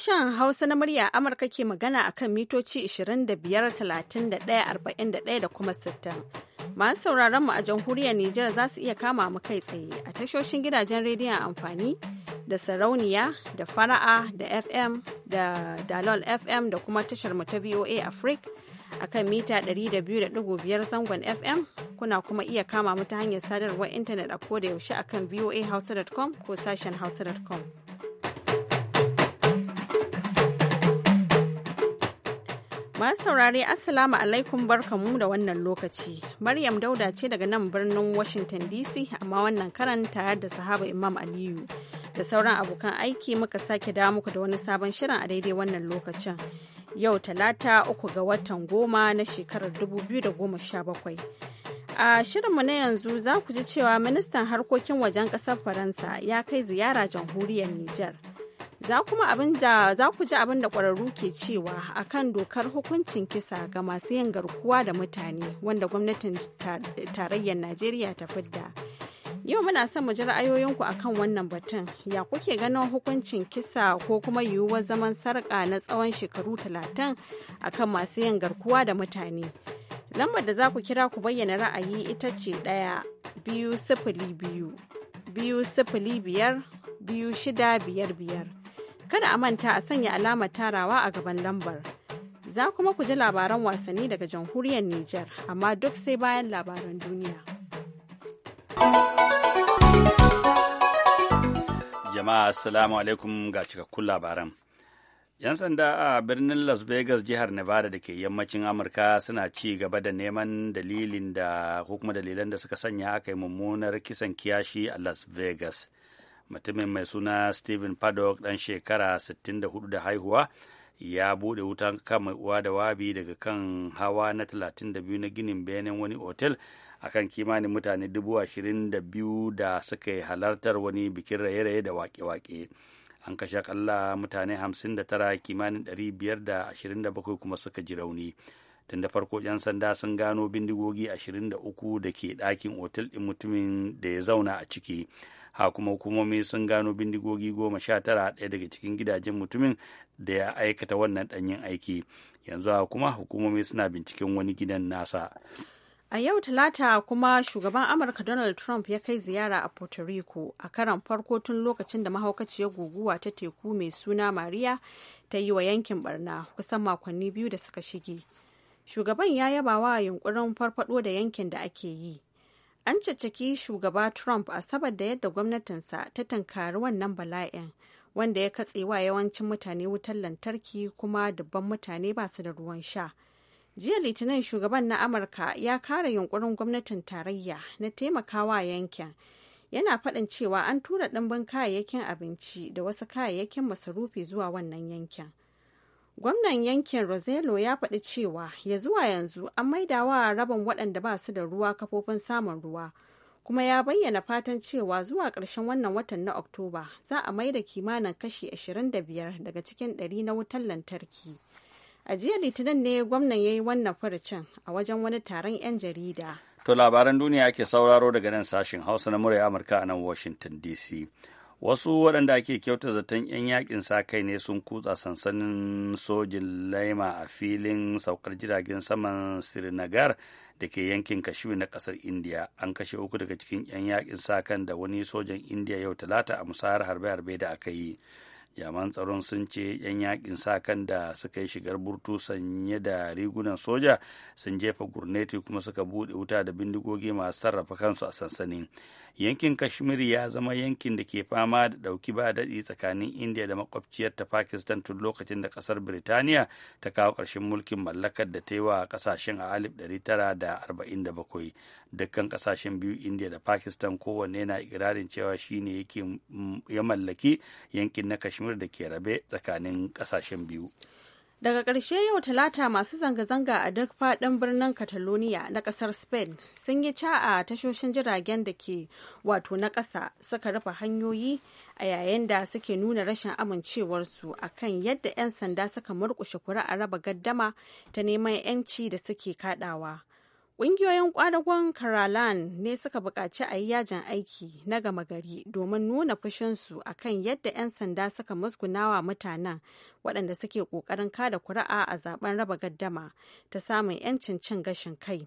Sashen Hausa na murya Amurka ke magana a kan mitoci 25,31,41 da kuma 60. Masu sauraron mu a jamhuriyar Nijar za su iya kama mu kai tsaye a tashoshin gidajen rediyon amfani da sarauniya da fara'a da FM da dalol FM da kuma tashar mu ta VOA Africa a kan mita 200.5 zangon FM kuna kuma iya kama mu ta hanyar sadarwar intanet a koda yaushe a kan voahausa.com ko sashen hausa.com. Masu saurari Assalamu alaikum barkamu da wannan lokaci. Maryam Dauda ce daga nan birnin Washington DC amma wannan karan tare da sahaba Imam Aliyu. Da sauran abokan aiki muka sake dawo muku da wani sabon shirin a daidai wannan lokacin. Yau talata uku ga watan goma na shekarar 2017. A shirinmu na yanzu za ku ji cewa ministan harkokin wajen ƙasar Faransa ya kai ziyara jamhuriyar Nijar. Za kuma abinda ku ji abin da ƙwararru ke cewa akan dokar hukuncin kisa ga masu yin garkuwa da mutane wanda gwamnatin tarayyar Najeriya ta fidda. Yau muna son mu ji ra'ayoyinku akan wannan batun. Ya kuke ganin hukuncin kisa ko kuma yiwuwar zaman sarƙa na tsawon shekaru talatin akan masu yin garkuwa da mutane. Lambar da za ku kira ku bayyana ra'ayi ita ce ɗaya biyu sifili biyu biyu sifili biyar biyu shida biyar biyar. Kada a manta a sanya alamar tarawa a gaban lambar. Za kuma ku ji labaran wasanni daga jamhuriyar Nijar, amma duk sai bayan labaran duniya. Jama'a Assalamu alaikum ga cikakkun labaran. 'Yan sanda a birnin Las Vegas jihar Nevada da ke yammacin Amurka suna ci gaba da neman dalilin da ko kuma dalilan da suka sanya aka yi mummunar kisan kiyashi a Las Vegas. mutumin mai suna stephen paddock dan shekara 64 da haihuwa ya buɗe wutan kama uwa da wabi daga kan hawa na 32 na ginin benin wani otel akan kimanin mutane 22,000 da suka halartar wani bikin raye-raye da wake-wake an kashe kalla mutane 59 kimanin ɗari da kuma suka ji rauni tun da farko 'yan sanda sun gano bindigogi 23 da ke ɗakin otel ɗin mutumin da ya zauna a ciki ha kuma hukumomi sun gano bindigogi goma sha tara ɗaya daga cikin gidajen mutumin da ya aikata wannan ɗanyen aiki yanzu ha kuma hukumomi suna binciken wani gidan nasa A yau Talata kuma shugaban Amurka Donald Trump ya kai ziyara a Puerto Rico a karan farko tun lokacin da mahaukaciyar guguwa ta teku mai suna Maria ta yi wa yankin barna kusan makonni biyu da suka shige. Shugaban ya yaba wa yunkurin farfado da yankin da ake yi An caccaki shugaba Trump a saboda yadda gwamnatinsa ta tankari wannan bala'in wanda ya katse wa yawancin mutane wutar lantarki kuma dubban mutane ba su da ruwan sha. Jiya Litinin shugaban na Amurka ya kare yunkurin gwamnatin tarayya na taimakawa yankin. Yana faɗin cewa an tura ɗimbin kayayyakin abinci da wasu kayayyakin masarufi zuwa wannan yankin. gwamnan yankin rosello ya faɗi cewa ya zuwa yanzu an maidawa rabin waɗanda ba su da ruwa kafofin samun ruwa kuma ya bayyana fatan cewa zuwa ƙarshen wannan watan na oktoba za a maida kimanin kashi 25 daga cikin 100 na wutar lantarki a jiya litinin ne gwamnan ya yi wannan furucin a wajen wani taron 'yan jarida to labaran duniya ake sauraro daga nan sashen hausa na murya amurka a nan washington dc wasu waɗanda ake kyauta zaton 'yan yakin sa kai ne sun kutsa sansanin sojin laima a filin saukar jiragen saman sirinagar da ke yankin kashmir na ƙasar indiya an kashe uku daga cikin 'yan yakin sa kan da wani sojan indiya yau talata a musayar harbe-harbe da aka yi jaman tsaron sun ce 'yan yakin sa kan da suka yi shigar burtu sanye da rigunan soja sun jefa gurneti kuma suka buɗe wuta da bindigogi masu sarrafa kansu a sansanin yankin kashmir ya zama yankin da ke fama da ɗauki ba daɗi tsakanin india da makwabciyar ta pakistan tun lokacin da ƙasar birtaniya ta kawo ƙarshen mulkin mallakar da ta yi wa ƙasashen a 1947 dukkan ƙasashen biyu india da pakistan kowanne na ikirarin cewa shine yake mm, ya mallaki yankin na kashmir da ke rabe tsakanin ƙasashen biyu Daga ƙarshe yau talata masu zanga-zanga a duk faɗin birnin Catalonia na ƙasar Spain sun yi ca a tashoshin jiragen da ke wato na ƙasa suka rufe hanyoyi a yayin da suke nuna rashin amincewarsu a kan yadda 'yan sanda suka murƙushe kuri'a raba gaddama ta neman 'yanci da suke kaɗawa. Ƙungiyoyin ƙwadagon Karalan ne suka buƙaci a yi yajin aiki na gama gari domin nuna fushinsu a kan yadda 'yan sanda suka musgunawa mutanen waɗanda suke ƙoƙarin kada kuri'a a zaben raba gaddama ta samun 'yancin cin gashin kai.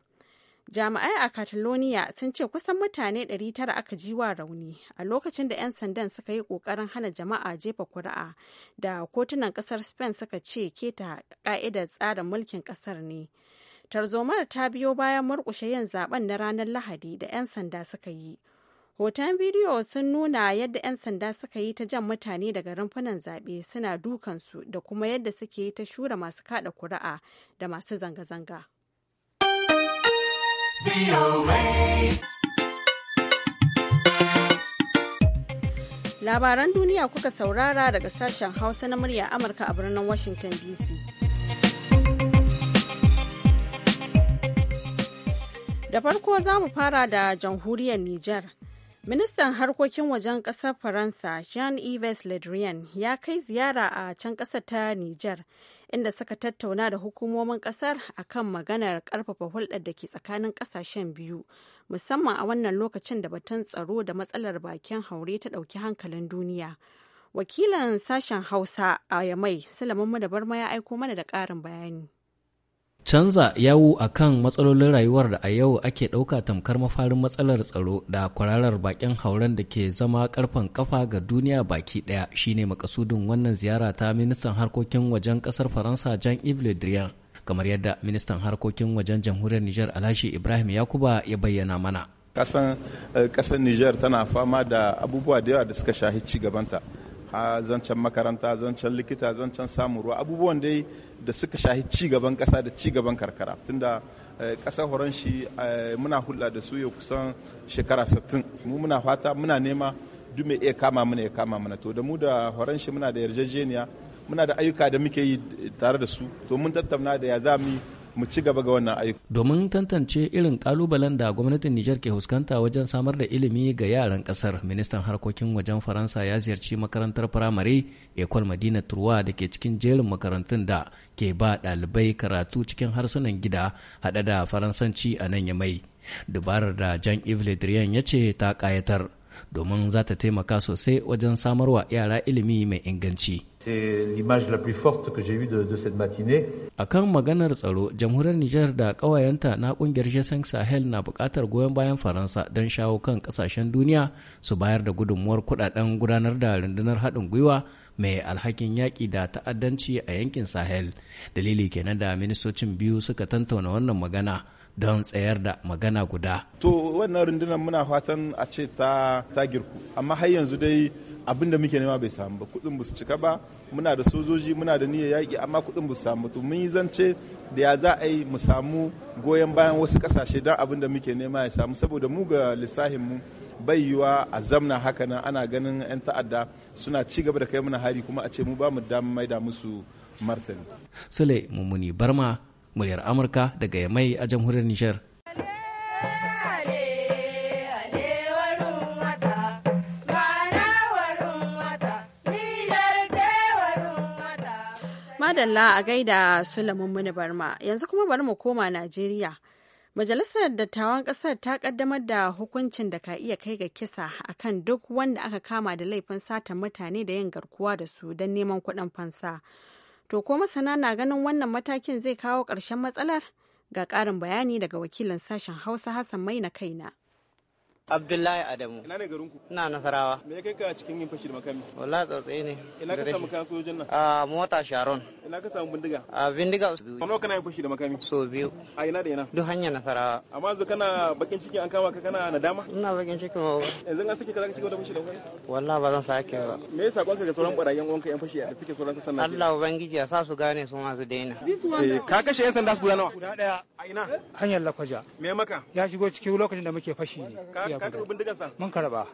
Jami'ai a Catalonia sun ce kusan mutane 900 aka ji wa rauni a lokacin da 'yan sandan suka yi ƙoƙarin hana jama'a jefa kuri'a da kotunan ƙasar Spain suka ce keta ƙa'idar tsarin mulkin ƙasar ne. tarzomar ta biyo bayan murkushe yin zaben na ranar lahadi da 'yan sanda suka yi hoton bidiyo sun nuna yadda 'yan sanda suka yi ta jan mutane daga rumfunan zaɓe suna dukansu da kuma yadda suke yi ta shura masu kada kuri'a da masu zanga-zanga labaran duniya kuka saurara daga sashen hausa na murya amurka a birnin washington dc Da farko za mu fara da jamhuriyar Nijar. Ministan harkokin wajen ƙasar Faransa Jean-Yves Le Drian ya kai ziyara a can ƙasar ta Nijar inda suka tattauna da hukumomin ƙasar akan maganar ƙarfafa hulɗar da ke tsakanin ƙasashen biyu musamman a wannan lokacin da batun tsaro da matsalar bakin haure ta ɗauki hankalin duniya. Wakilan sashen Hausa a Yamai, Sulaiman barma ya aiko mana da ƙarin bayani. canza yawo a kan matsalolin rayuwar da a yau ake ɗauka tamkar mafarin matsalar tsaro da kwararar bakin hauren da ke zama karfan kafa ga duniya baki ɗaya shine makasudin wannan ziyara ta ministan harkokin wajen kasar faransa jean yves le drian kamar yadda ministan harkokin wajen jamhuriyar niger alhaji ibrahim yakuba ya bayyana mana kasan eh, nijar niger tana fama da abubuwa da yawa da suka shahi ci gabanta a zancen makaranta zancen likita zancen samun ruwa abubuwan dai da suka shahi ci gaban kasa da ci gaban karkara tunda eh, horon shi eh, muna hulɗa da su ya kusan shekara 60 mu muna fata muna nema duk mai iya kama mana ya kama mana to da mu da shi muna da yarjejeniya muna da ayyuka da muke yi tare da su to mun tattauna da ya za mu mu ci gaba ga wannan aiki. Domin tantance irin kalubalen da gwamnatin Nijar ke fuskanta wajen samar da ilimi ga yaran kasar, ministan harkokin wajen Faransa ya ziyarci makarantar firamare Ecole Madina Turwa da ke cikin jerin makarantun da ke ba ɗalibai karatu cikin harsunan gida haɗe da Faransanci a nan ya mai Dubarar da Jean-Yves Le Drian ya ce ta ƙayatar domin za ta taimaka sosai wajen samarwa yara ilimi mai inganci. A kan maganar tsaro, jamhuriyar Nijar da ƙawayenta na ƙungiyar g Sahel na bukatar goyon bayan Faransa don shawo kan ƙasashen duniya su bayar da gudunmuwar kuɗaɗen gudanar da rundunar haɗin gwiwa mai alhakin yaƙi da ta'addanci a yankin Sahel. Dalili kenan da ministocin biyu suka tantauna wannan magana. don tsayar da magana guda. To wannan rundunar muna fatan a ce ta girku amma har yanzu dai abin da muke nema bai samu ba kudin ba su cika ba muna da sojoji muna da niyyar yaƙi amma kudin ba su samu to mun yi zance da ya za a yi mu samu goyon bayan wasu kasashe don abin da muke nema ya samu saboda mu ga lissahin mu bai yiwa a zamna haka nan ana ganin 'yan ta'adda suna ci gaba da kai mana hari kuma a ce mu ba mu damar maida musu martani. Sule Mummuni Barma muryar amurka daga yamai a jamhuriyar nijar madalla a gaida sulamin muni barma yanzu kuma bari mu koma najeriya majalisar dattawan kasar ta kaddamar da hukuncin da ka iya kai ga kisa akan duk wanda aka kama da laifin satan mutane da yin garkuwa da su don neman kuɗin fansa To ko masana na ganin wannan matakin zai kawo ƙarshen matsalar? Ga ƙarin bayani daga wakilin sashen Hausa Hassan mai na kaina. Abdullahi Adamu. Ina ne garinku? Ina Nasarawa. Me kai ka cikin yin fashi da makami? Wallahi tsautsaye ne. Ina ka samu kayan sojojin nan? Ah, mota Sharon. Ina ka samu bindiga? Ah, bindiga usu. Kano kana yin fashi da makami? So biyu. A ina da ina? Duk hanya Nasarawa. Amma yanzu kana bakin ciki an kama ka kana nadama? Ina bakin ciki ba. Yanzu an sake ka zaka cigaba wata fashi da makami? Wallahi ba zan sake ba. Me yasa kwanka ga sauran barayen wanka yan fashi da suke sauran sassan Allah ubangiji ya sa su gane su ma su daina. Eh, ka kashe yan sanda su guda nawa? Guda daya. A ina? Hanyar Lakwaja. Me maka? Ya shigo cikin lokacin da muke fashi ne.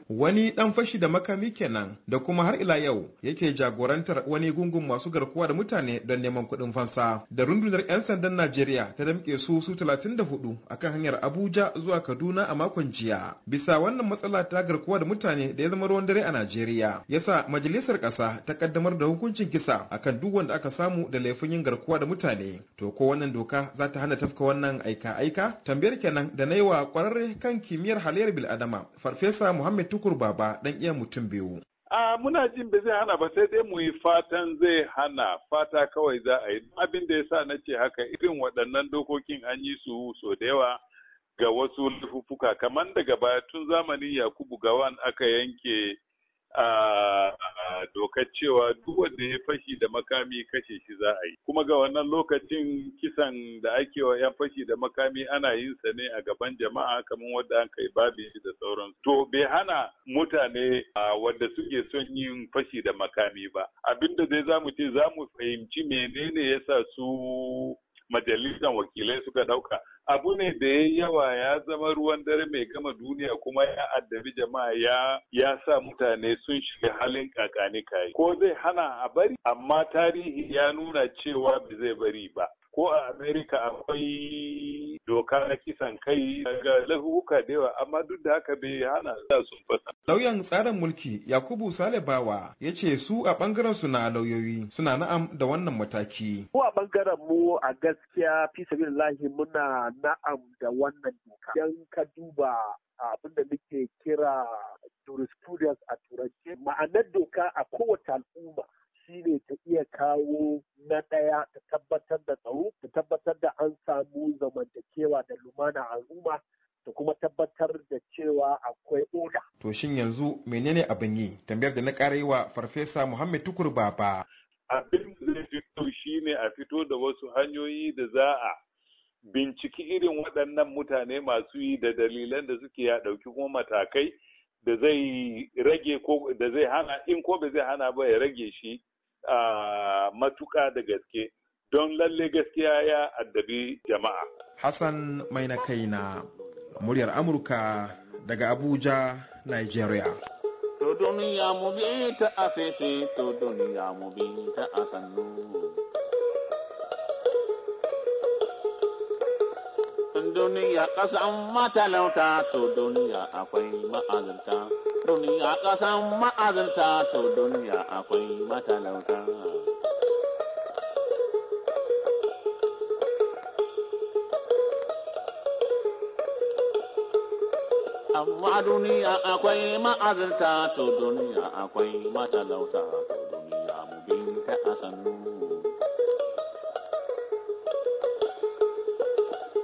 Wani dan fashi da makami kenan da kuma har ila yau yake jagorantar wani gungun masu garkuwa da mutane don neman kuɗin fansa. Da rundunar 'yan sandan Najeriya ta damƙe su su 34 akan hanyar Abuja zuwa Kaduna a makon jiya. Bisa wannan matsala ta garkuwa da mutane da ya zama ruwan dare a Najeriya. Yasa majalisar ƙasa ta kaddamar da hukuncin kisa akan duk wanda aka samu da laifin yin garkuwa da mutane. To ko wannan doka za ta hana tafka wannan aika-aika? Tambayar kenan da na yi wa kwararre kan kimiyyar halayyar bil adama farfesa muhammed tukur baba dan iya mutum biyu a muna jin ba zai hana ba sai dai mu yi fatan zai hana fata kawai za a yi abin da ya sa na ce haka irin waɗannan dokokin an yi su so da yawa ga wasu laifuka kamar daga baya tun zamanin yakubu gawan aka yanke a dokar cewa duk wanda ya fashi da makami kashe shi za a yi kuma ga wannan lokacin kisan da ake wa yan fashi da makami ana yin sa ne a gaban jama'a kamar wanda an kai babi da sauran to bai hana mutane a wanda suke son yin fashi da makami ba abinda dai zamu ce zamu fahimci menene yasa su majalisar wakilai suka dauka abu ne da ya yawa ya zama ruwan dare mai gama duniya kuma ya addabi jama'a ya sa mutane sun shiga halin kakani kayi ko zai hana a bari amma tarihi ya nuna cewa ba zai bari ba ko a amerika akwai doka na kisan kai daga lahuka da yawa amma duk da haka bai hana da sun fata. lauyan tsarin mulki yakubu salibawa ya ce su a bangaren su na lauyoyi suna na'am da wannan mataki ko a bangaren mu a gaskiya fi sabilillahi muna na'am da wannan doka. Idan ka duba abin da muke kira jurisprudence a turance ma'anar doka a kowace al'umma shine ta iya kawo na ɗaya ta tabbatar da tsaro ta tabbatar da an samu zamantakewa da lumana al'umma da kuma tabbatar da cewa akwai oda. To shin yanzu menene abin yi? Tambayar da na ƙara yi wa Farfesa Muhammad Tukur Baba. Abin da zai fito shine a fito da wasu hanyoyi da za a binciki irin waɗannan mutane masu yi da dalilan da suke ya ɗauki kuma matakai da zai rage ko da zai hana in ko ba zai hana ba ya rage shi a matuka da gaske don lalle gaskiya ya addabi jama'a. Hassan mai na kai na muryar Amurka daga Abuja, Nigeria. To duniya mu bi ta asisi, to duniya mu bi ta asannu. duniya ƙasan matalauta to duniya akwai ma'azinta duniya ƙasan ma'azinta to duniya akwai matalauta amma duniya akwai ma'azinta to duniya akwai matalauta to duniya mu binta a sannu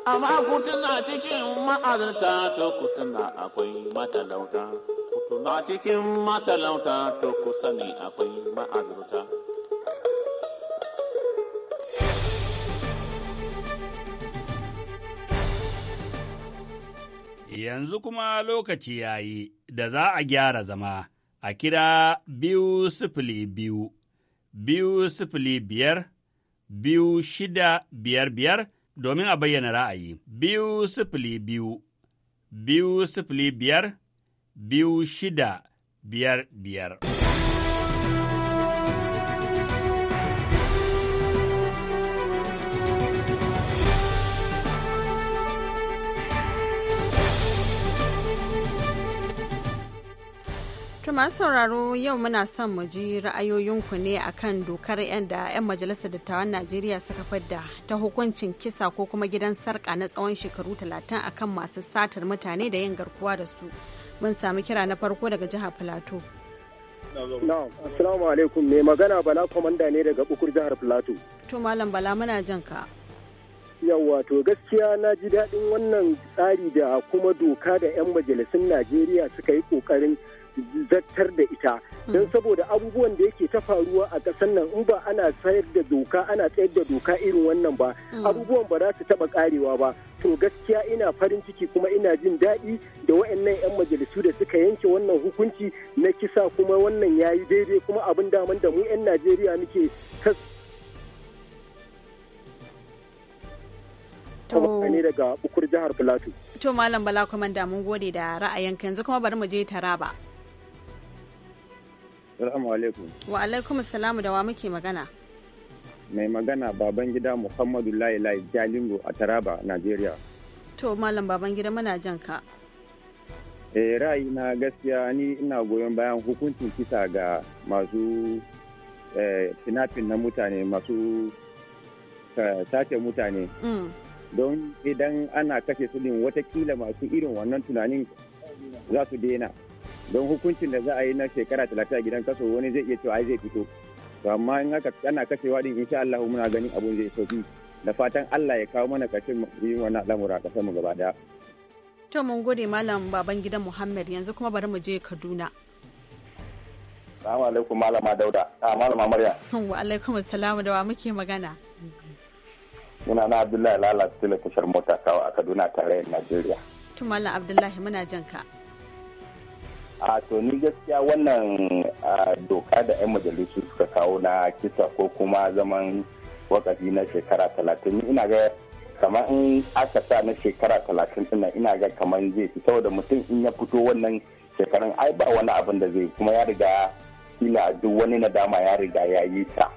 amma kutuna cikin ma'azarta to kutuna akwai matalauta kutuna cikin matalauta to ku sani akwai ma'azarta yanzu kuma lokaci ya yi da za a gyara zama a kira biyu sifili biyu biyu sifili biyar biyu shida biyar biyar domin a bayyana ra'ayi. Biyu sifili biyu, biyu sifili biyar, biyu shida biyar biyar. Tuma sauraro yau muna son mu ji ra'ayoyinku ne akan dokar 'yan da 'yan majalisar dattawan Najeriya suka fadda ta hukuncin kisa ko kuma gidan sarka na tsawon shekaru talatin akan masu satar mutane da yin garkuwa da su. Mun sami kira na farko daga jihar Filato. Na'am, assalamu alaikum mai magana Bala Kwamanda ne daga bukur jihar Filato. To Malam Bala muna jan ka. Yawwa to gaskiya na ji daɗin wannan tsari da kuma doka da 'yan majalisun Najeriya suka yi ƙoƙarin zartar da ita don hmm. saboda abubuwan da yake ta faruwa a kasar nan in ba ana tsayar da doka ana tsayar da doka irin wannan ba hmm. abubuwan ba za su taɓa karewa ba to gaskiya ina farin ciki kuma ina jin daɗi da wa'annan 'yan majalisu da suka yanke wannan hukunci na kisa kuma wannan ya yi daidai kuma abin daman da mu 'yan najeriya muke ne daga bukur jihar plateau to malam bala kuma da mun gode da ra'ayinka yanzu kuma bari mu je taraba Salamu alaikum. Wa alaikum salamu da wa muke magana. Mai magana baban gida Muhammadu Lai Lai Jalingo a Taraba, Najeriya. To malam baban gida muna jan ka. Eh ra'ayi na gaskiya ni ina goyon bayan hukuncin kisa ga masu finafin eh, na mutane masu eh, sace mutane. Mm. Don idan ana kashe su din watakila masu irin wannan tunanin za su daina. don hukuncin da za a yi na shekara talatin a gidan kaso wani zai iya cewa zai fito to amma in haka ana kashewa din insha Allah muna ganin abun zai sauki da fatan Allah ya kawo mana kashin yin wani al'amura kasar mu gaba daya to mun gode malam baban gidan Muhammad yanzu kuma bari mu je Kaduna Assalamu alaikum malama Dauda a ah, malama Maryam wa alaikum assalamu da wa muke magana Muna na Abdullahi Lala Tele tashar mota kawo a Kaduna tare Najeriya Tumala Abdullahi muna jan ka a to ni gaskiya wannan doka da 'yan majalisu suka kawo na kisa ko kuma zaman wakafi na shekara talatin ina ga kamar in aka sa na shekara talatin ina ina ga kamar zai fi saboda mutum in ya fito wannan shekarun ai ba wani abin da zai kuma ya riga kila duk wani nadama ya riga ya yi ta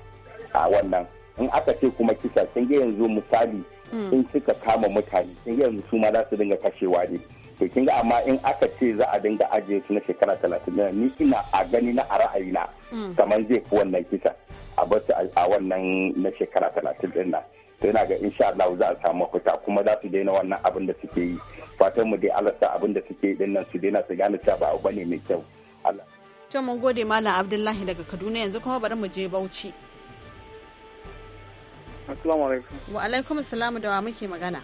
a wannan in aka ce kuma kisa sun ga yanzu misali hmm. in suka kama mutane sun ga yanzu su ma za su dinga kashewa ne to kin ga amma in aka ce za a dinga ajiye su na shekara talatin na ni ina a gani na a ra'ayina hmm. kamar zai fi wannan kisa a bar a wannan na shekara talatin din nan to ina ga insha Allah za a samu mafita kuma za su daina wannan abin da suke yi fatan mu dai Allah sa abin da suke yi din nan su daina su gane cewa ba abu bane mai kyau Allah to mun gode malam Abdullahi daga Kaduna yanzu kuma bari mu je Bauchi Assalamu alaikum. Wa alaikum assalam da wa muke magana.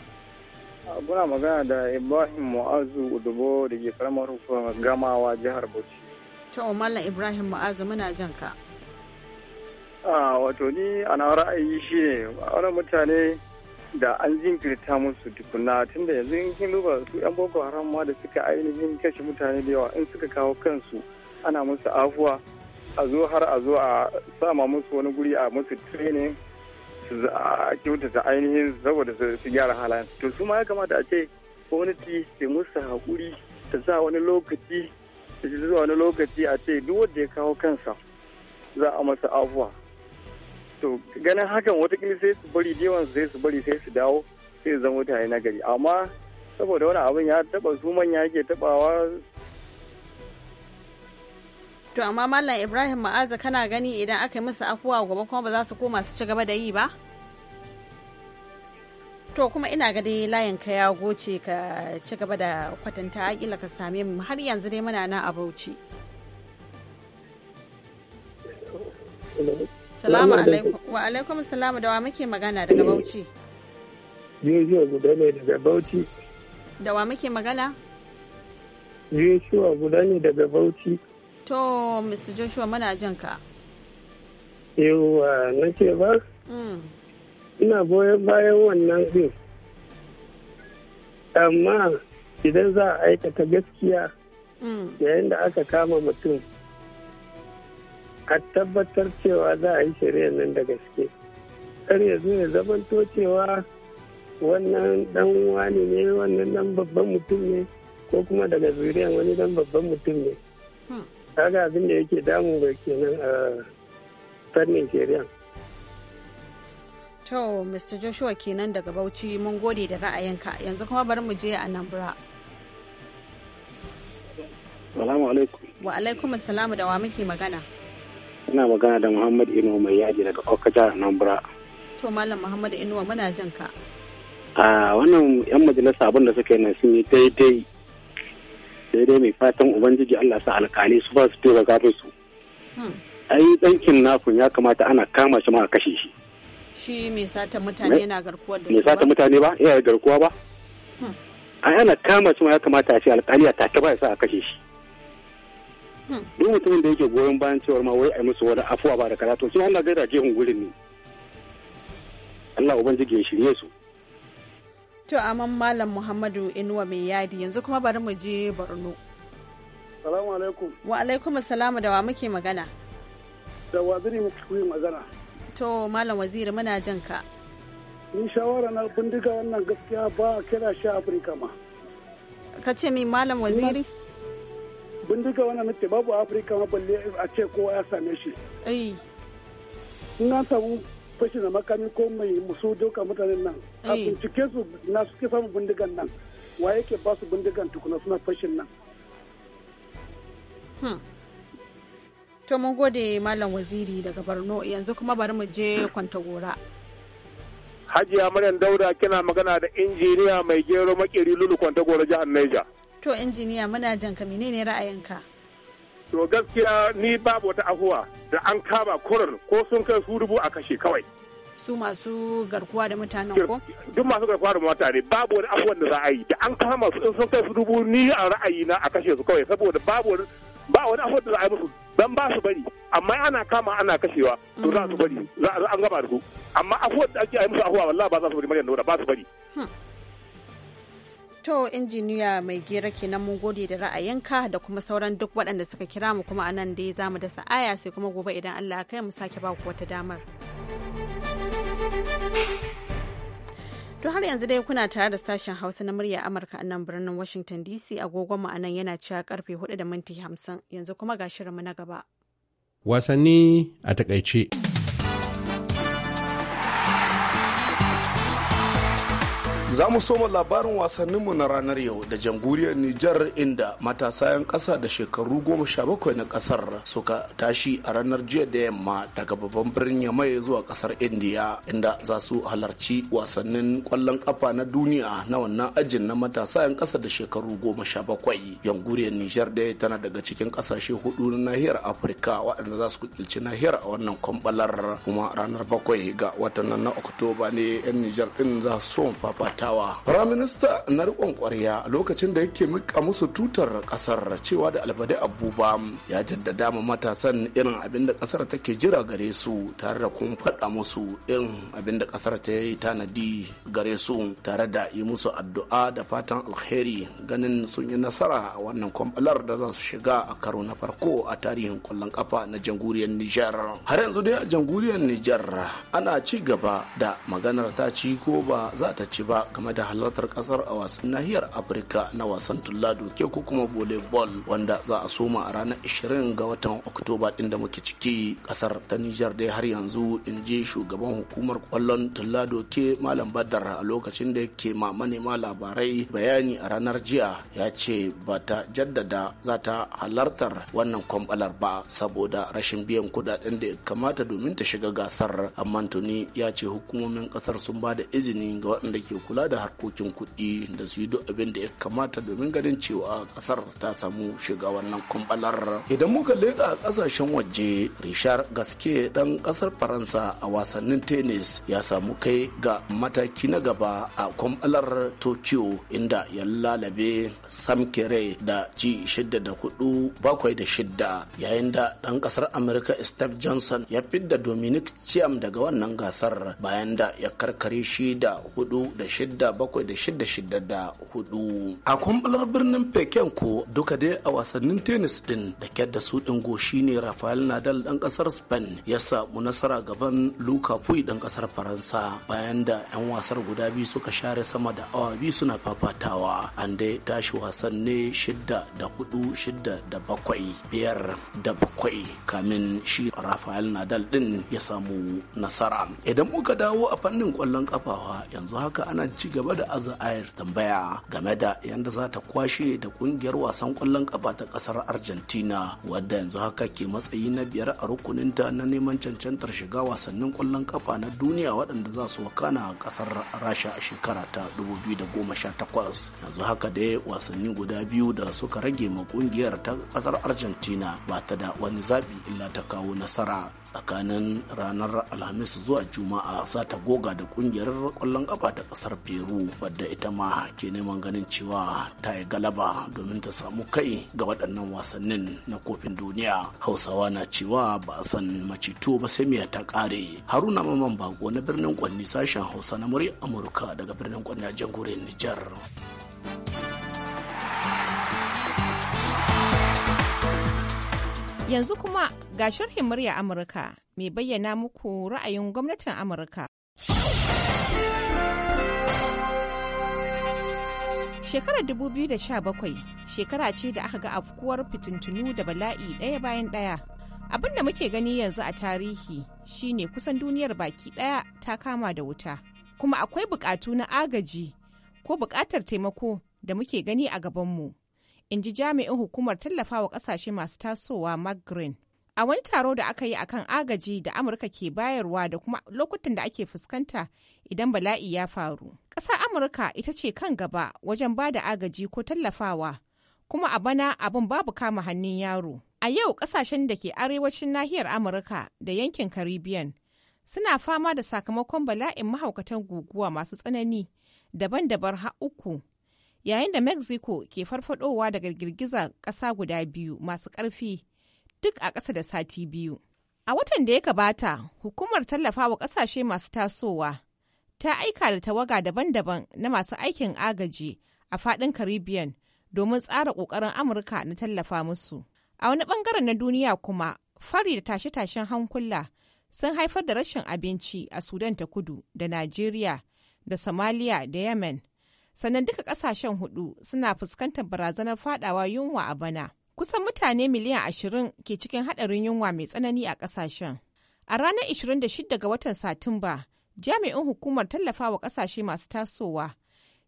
Muna magana da Ibrahim Mu'azu Udubo da ke karamar hukumar gamawa jihar Bauchi. To Mallam Ibrahim Mu'azu muna jan ka. Ah, wato ni ana ra'ayi shi ne wani mutane da an jinkirta musu tukuna tunda yanzu in kin duba su yan boko haram ma da suka ainihin kashe mutane da yawa in suka kawo kansu ana musu afuwa a zo har a zo a sama musu wani guri a musu training su kyautata ainihin saboda su gyara halayen to su ma ya kamata a ce gwamnati ta musu hakuri ta sa wani lokaci ta ji zuwa wani lokaci a ce duk wanda ya kawo kansa za a masa afuwa to ganin hakan watakila sai su bari jewan sai su bari sai su dawo sai su zama mutane na gari amma saboda wani abin ya taba su manya yake tabawa to amma mallam ibrahim ma'aza kana gani idan aka yi musu afuwa gobe kuma ba za su koma su ci gaba da yi ba to kuma ina ga dai layin ka ya goce ka ci gaba da kwatanta akila ka same mu har yanzu dai muna nan a bauchi salamu alaikum wa alaikum salamu da wa muke magana daga bauchi Joshua guda ne daga Bauchi. Da wa muke magana? Joshua guda ne daga Bauchi. to mr joshua mana jin ka yauwa na ce ba mm. ina goyon bayan wannan zin. amma idan za a aikata gaskiya mm. yayin da aka kama mutum a tabbatar cewa za a yi shari'a nan da gaske kar ya ya zamanto cewa wannan dan wani ne wannan dan babban mutum ne ko kuma daga zuriyan wani dan babban mutum ne hmm. kaga abin da yake damun ba kenan a fannin shari'a to mr joshua kenan daga bauchi mun gode da ra'ayinka yanzu kuma bari mu je a nambura salamu alaikum wa alaikum assalamu da wa muke magana ina magana da muhammad Inu mai yaji daga okka a nambura to malam muhammad inuwa muna jinka ka a wannan yan majalisa abin da suka yi sun yi daidai sai dai mai fatan ubangiji Allah sa alƙali su ba su tura gafin su hmm. ai dankin nakun ya kamata ana kama shi ma a kashe shi shi mai sata mutane na garkuwa da mai sata mutane ba ya garkuwa ba hmm. ai ana kama shi ma ya kamata a ce alƙali ta ta ba sa a kashe shi hmm. duk mutumin da yake goyon bayan cewar ma wai yi musu wani afuwa ba da karatu sai Allah gaida jihun gurin ne Allah ubangiji ya shirye su To aman Malam Muhammadu Inuwa mai yadi yanzu kuma bari mu je Borno. Salamu alaikum. Wa alaikum salamu da wa muke magana. Da waziri muke magana. To Malam Waziri muna jin ka. Ni shawara na bindiga wannan gaskiya ba kira shi Afirka ma. Ka ce min Malam Waziri? Bindiga wannan nace babu Afirka ma balle a ce kowa ya same shi. Ina In samu fashi na makami ko mai musu doka mutanen nan a eh. bincike su na suke samun bindigan nan wa yake ba su bindigan tukuna suna fashin nan hmm. to mun gode malam waziri daga borno yanzu kuma bari mu je gora hajiya maryam dauda kina magana da injiniya mai gero makeri lulu kwantagora jihar neja to injiniya muna jan ka menene ra'ayinka to gaskiya ni babu wata afuwa da an kama kurar ko sun kai su dubu a kashe kawai su masu garkuwa da mutanen ko duk masu garkuwa da mutane babu wani abubuwan da za a yi da an kama su in sun kai su dubu ni a ra'ayi na a kashe su kawai saboda babu wani ba wani abubuwan da za a yi musu dan ba su bari amma ana kama ana kashewa to za su bari za an gaba da su amma abubuwan da ake yi musu afuwa wallahi ba za su bari maryam da ba su bari hmm. To injiniya mai gera kenan mun gode da ra'ayinka da kuma sauran duk waɗanda suka kira mu kuma anan dai za mu dasa aya sai kuma gobe idan Allah kai mu sake ba ku wata damar. To har yanzu dai kuna tare da sashen Hausa na murya Amurka a nan birnin Washington DC agogon mu anan yana cewa karfe 4 da minti 50 yanzu kuma ga shirinmu na gaba. Wasanni a takaice. Za mu soma labarin wasanninmu na ranar yau da jamhuriyar Nijar inda matasa 'yan ƙasa da shekaru goma sha bakwai na ƙasar suka tashi a ranar jiya da yamma daga babban birnin Yamai zuwa ƙasar Indiya inda za su halarci wasannin ƙwallon ƙafa na duniya na wannan ajin na matasa 'yan ƙasa da shekaru goma sha bakwai. Jamhuriyar Nijar dai tana daga cikin ƙasashe hudu na nahiyar Afirka waɗanda za su kukilci nahiyar a wannan kwambalar kuma ranar bakwai ga watan na Oktoba ne 'yan Nijar ɗin za su fafata dattawa firaminista na riƙon ƙwarya lokacin da yake mika musu tutar ƙasar cewa da albade abuba ya jaddada ma matasan irin abinda da ƙasar take jira gare su tare da kun faɗa musu irin abinda da ƙasar ta yi tanadi gare su tare da yi musu addu'a da fatan alheri ganin sun yi nasara a wannan kwamfalar da za su shiga a karo na farko a tarihin kwallon ƙafa na jamhuriyar Nijar. Har yanzu dai a jamhuriyar Nijar ana ci gaba da maganar ta ci ko ba za ta ci ba game da halartar kasar a wasan nahiyar afirka na wasan tulla doke ko kuma volleyball wanda za a soma a ranar 20 ga watan oktoba din da muke ciki kasar ta nijar dai har yanzu in je shugaban hukumar kwallon tulla doke malam badar a lokacin da yake ma manema labarai bayani a ranar jiya ya ce ba ta jaddada za ta halartar wannan kwambalar ba saboda rashin biyan kudaden da kamata domin ta shiga gasar amma tuni ya ce hukumomin kasar sun ba da izini ga waɗanda ke kula da harkokin kuɗi da su yi duk abin da ya kamata domin ganin cewa ƙasar ta samu shiga wannan kumbalar idan muka leƙa ƙasashen waje rishar gaske ɗan ƙasar faransa a wasannin tennis ya samu kai ga mataki na gaba a kwambalar tokyo inda ya lalabe sam kere da ji shidda da hudu bakwai da shidda yayin da ɗan ƙasar amurka steve johnson ya fidda dominic chiam daga wannan gasar bayan da ya karkare shi da hudu da shidda 6 A kwambalar birnin peken ko duka dai a wasannin tenis din da kyar da su ɗin goshi ne Rafael Nadal ɗan ƙasar Spain ya samu nasara gaban Luka puy dan ƙasar Faransa bayan da 'yan wasar guda biyu suka share sama da awa biyu suna fafatawa. An dai tashi wasan ne da hudu shidda da bakwai biyar da bakwai kamin shi Rafael Nadal din ya samu nasara. Idan muka dawo a fannin ƙwallon ƙafawa yanzu haka ana ci gaba da aza ayar tambaya game da yadda za ta kwashe da kungiyar wasan kwallon kafa ta kasar Argentina wadda yanzu haka ke matsayi na biyar a rukuninta na neman cancantar shiga wasannin kwallon kafa na duniya waɗanda za su wakana a kasar Rasha a shekara ta 2018. Yanzu haka dai wasanni guda biyu da suka rage ma kungiyar ta kasar Argentina ba ta da wani zaɓi illa ta kawo nasara tsakanin ranar Alhamis zuwa Juma'a za ta goga da kungiyar kwallon kafa ta kasar peru wadda ita ma ke neman ganin cewa ta yi galaba domin ta samu kai ga waɗannan wasannin na kofin duniya hausawa na cewa ba a san macito ba sai miya ta ƙare haruna maman bako na birnin kwanni sashen hausa na murya amurka daga birnin kwanni a jamhuriyar nijar Yanzu kuma ga sharhin murya Amurka mai bayyana muku ra'ayin gwamnatin Amurka. Shekarar 2017 shekara ce da aka ga afkuwar fitintunu da bala'i ɗaya bayan ɗaya. Abin da muke gani yanzu a tarihi shine kusan duniyar baki ɗaya ta kama da wuta. Kuma akwai buƙatu na agaji ko buƙatar taimako da muke gani a gabanmu. In ji jami'in hukumar tallafawa ƙasashe masu tasowa Mark A wani taro da aka yi akan agaji da Amurka ke bayarwa da kuma lokutan da ake fuskanta idan bala'i ya faru. Ƙasa Amurka ita ce kan gaba wajen ba da agaji ko tallafawa, kuma a bana abin babu kama hannun yaro. A yau ƙasashen da ke arewacin nahiyar Amurka da yankin Caribbean suna fama da sakamakon bala'in mahaukatan guguwa masu tsanani daban-daban har uku yayin da mexico ke farfadowa daga girgizar ƙasa guda biyu masu ƙarfi duk a ƙasa da sati biyu. A watan da ya gabata, hukumar tallafawa ƙasashe masu tasowa ta aika da tawaga daban-daban na masu aikin agaji a faɗin Caribbean domin tsara ƙoƙarin Amurka na tallafa musu. A wani ɓangaren na duniya kuma, fari da tashe-tashen hankula sun haifar da rashin abinci a Sudan ta kudu da Najeriya da Somalia da Yemen. Sannan duka ƙasashen hudu suna fuskantar barazanar faɗawa yunwa a bana. Kusan mutane miliyan ashirin ke cikin haɗarin yunwa mai tsanani a ƙasashen. A ranar 26 ga watan Satumba, jami'in hukumar tallafawa ƙasashe masu tasowa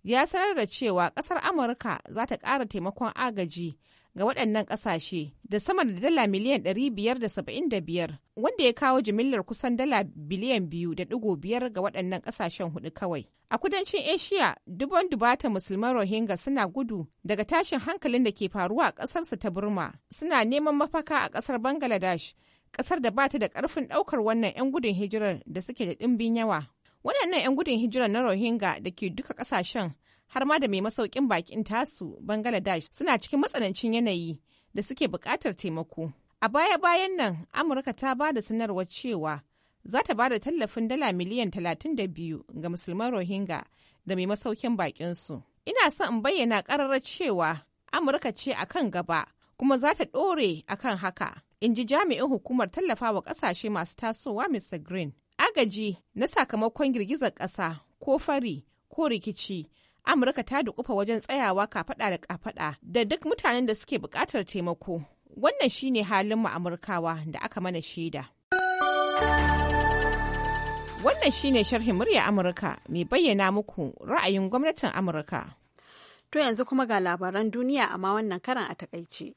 ya sanar da cewa ƙasar Amurka za ta ƙara taimakon agaji ga waɗannan ƙasashe da sama da dala miliyan 575 wanda ya kawo jimillar kusan dala biliyan 2.5 ga waɗannan ƙasashen hudu kawai. A kudancin Asia, dubon dubata musulman Rohingya suna gudu daga tashin hankalin da ke faruwa a ƙasarsu ta Burma, suna neman mafaka a ƙasar Bangladesh, ƙasar da bata da ƙarfin ɗaukar wannan 'yan gudun hijirar da suke da ɗimbin yawa. Waɗannan 'yan gudun hijirar na Rohingya da ke duka ƙasashen har ma da mai masaukin bakin tasu Bangladesh suna cikin matsanancin yanayi da suke buƙatar taimako. A baya-bayan nan, Amurka ta ba da sanarwar cewa za ta ba da tallafin dala miliyan 32 ga musulman Rohingya da mai masaukin bakinsu. Ina son in bayyana ƙararra cewa Amurka ce a kan gaba kuma za ta ɗore a kan haka, in ji jami'in hukumar tallafawa ƙasashe masu tasowa Mr. Green. Agaji na sakamakon girgizar ƙasa ko fari ko rikici amurka ta dukufa wajen tsayawa kafada da kafada da duk mutanen da suke buƙatar taimako wannan shine halin mu amurkawa da aka mana shaida wannan shine sharhin murya amurka mai bayyana muku ra'ayin gwamnatin amurka to yanzu kuma ga labaran duniya amma wannan karan a takaice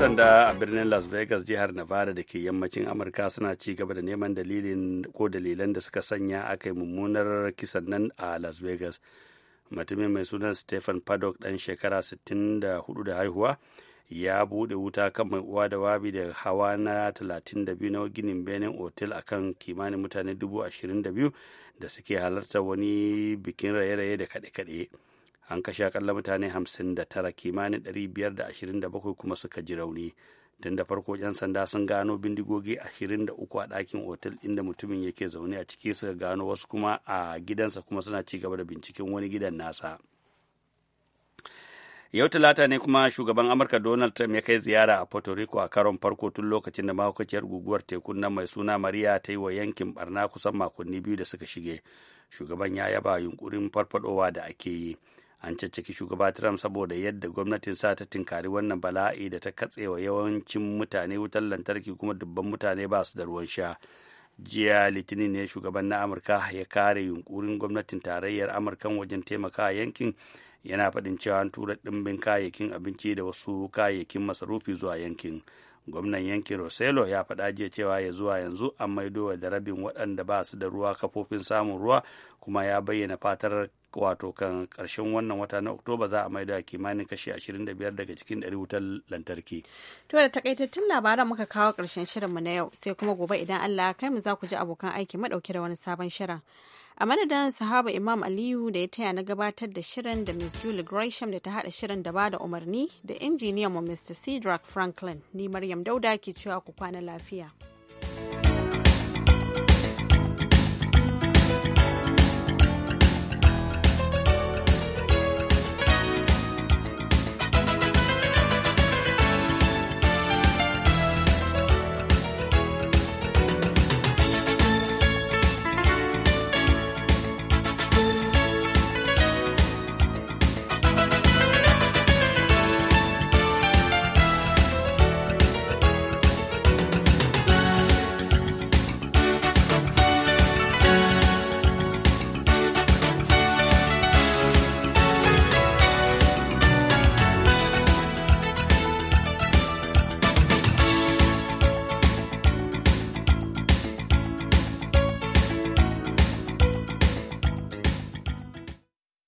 sanda a birnin las vegas jihar nevada da ke yammacin amurka suna ci gaba da neman dalilin ko dalilan da suka sanya aka yi mummunar kisan nan a las vegas mutumin mai sunan stephen paddock dan shekara 64 da haihuwa ya buɗe wuta kan mai uwa da wabi da hawa na 32 na ginin benin otel a kan kimanin mutane 22 da suke halarta wani bikin raye-raye da kade kaɗe an kashe akalla mutane 59 kimanin 527 kuma suka ji rauni tun da farko 'yan sanda sun gano bindigogi 23 a ɗakin otal inda mutumin yake zaune a ciki suka gano wasu kuma a gidansa kuma suna ci gaba da binciken wani gidan nasa yau talata ne kuma shugaban amurka donald trump ya kai ziyara a puerto rico a karon farko tun lokacin da mahaukaciyar guguwar tekun nan mai suna maria ta yi wa yankin barna kusan makonni biyu da suka shige shugaban ya yaba yunkurin farfadowa da ake yi an caccaki shugaba Trump saboda yadda gwamnatin sa ta tinkari wannan bala'i da ta katsewa yawancin mutane wutar lantarki kuma dubban mutane ba su da ruwan sha. jiya litinin ne shugaban na amurka ya kare yunkurin gwamnatin tarayyar amurka wajen taimaka yankin yana faɗin cewa an tura ɗimbin kayayyakin abinci da wasu kayayyakin masarufi zuwa yankin gwamnan yankin roselo ya faɗa jiya cewa ya zuwa yanzu an maido da rabin waɗanda ba su da ruwa kafofin samun ruwa kuma ya bayyana fatar wato kan karshen wannan wata na oktoba za a da kimanin kashi 25 daga cikin 100 wutar lantarki to da takaitattun labaran muka kawo karshen shirinmu na yau sai kuma gobe idan allah ya kai mu za ku ji abokan aiki madauke da wani sabon shirin a madadin sahaba imam aliyu da ya taya na gabatar da shirin da miss julie gresham da ta hada shirin da bada umarni da injiniyan mu mr cedric franklin ni maryam dauda ke cewa ku kwana lafiya